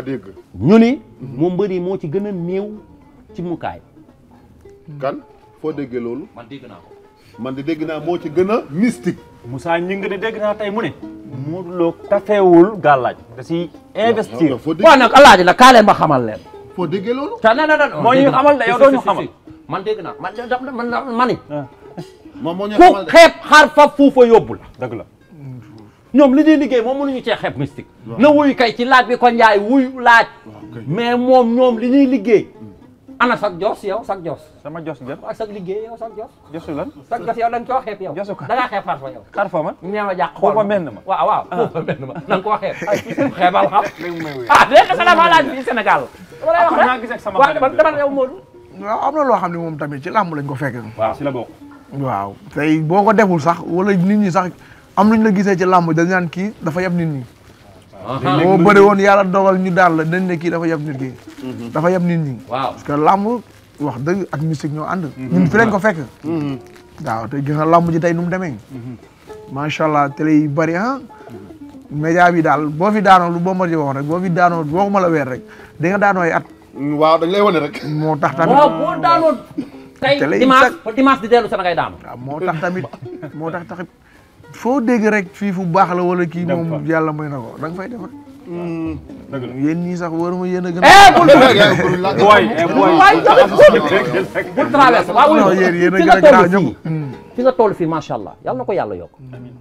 a dégg ñu ni moom mbër yi moo ci gën a néew ci mukaay kan foo déggee loolu man dégg naa ko man dégg naa moo ci gën a mystique Moussa Gningue de dégg naa tey mu ne Modou Lo tafeewul gàllaaj da si investir waaw nag alaaji nag kaa leen ma xamal leen moo ñu xamal de yow doo ñu xamal man dégg naa moom moo ñu xamal ku xeeb xaar fa fuufa yóbbu la dëgg la ñoom li ñuy liggéey moom mënuñu cee xeeb mystique. na wuyu kay ci laaj bi ko njaay wuyu laaj. mais moom ñoom li ñuy liggéey. Hmm. ana sax jos yow sax jos. sama jos jëm ak sax liggéey yow sax jos. josu lan sax jos yow da nga koo xeeb yow. josu ko da ngaa xeeb xar fa yow. xar fa ma nee ma jàq xool ma menn ma waaw waaw ah. foofa menn ma da nga koo xeeb. xeebal xam ah dégg nga dama laaj bi Sénégal. dama lay wax rek naa gis ak sama waaw dama yow Modou. waaw am na loo xam ne moom tamit ci làmb lañ ko fekk. waaw si la bokk. waaw tey boo ko deful sax wala nit ñi sax am lu ñu la gisee ci làmb dañ naan kii dafa yab nit nii ah, ah. boo bëri woon yàlla dogal ñu daal la dañ kii dafa yab nit ñi. Mhm. dafa yab nit ñi. waaw parce que làmb wax dëgg ak musique ñoo ànd. Mhm. ñun fi fekk. Mhm. waaw te gis ji tey nu mu demee. macha allah télé yi bëri ah. média bi daal boo fi daanoo lu Bombardier waxoon rek boo fi daanoo waxuma la weer rek di nga daanoo ay at. waaw dañ moo tax tamit waaw boo daanoo. moo tax tamit moo tax taxit. foo dégg rek fii fu baax la wala kii moom yàlla may na ko da nga fay def rek. Hmm. dëgg la yéen ñii sax waruma yéen a gën a. Eh, bul traversé eh, eh, waaw yéen a gën a garaaw ñëpp fi nga toll fii macha allah yàlla na ko yàlla yokk.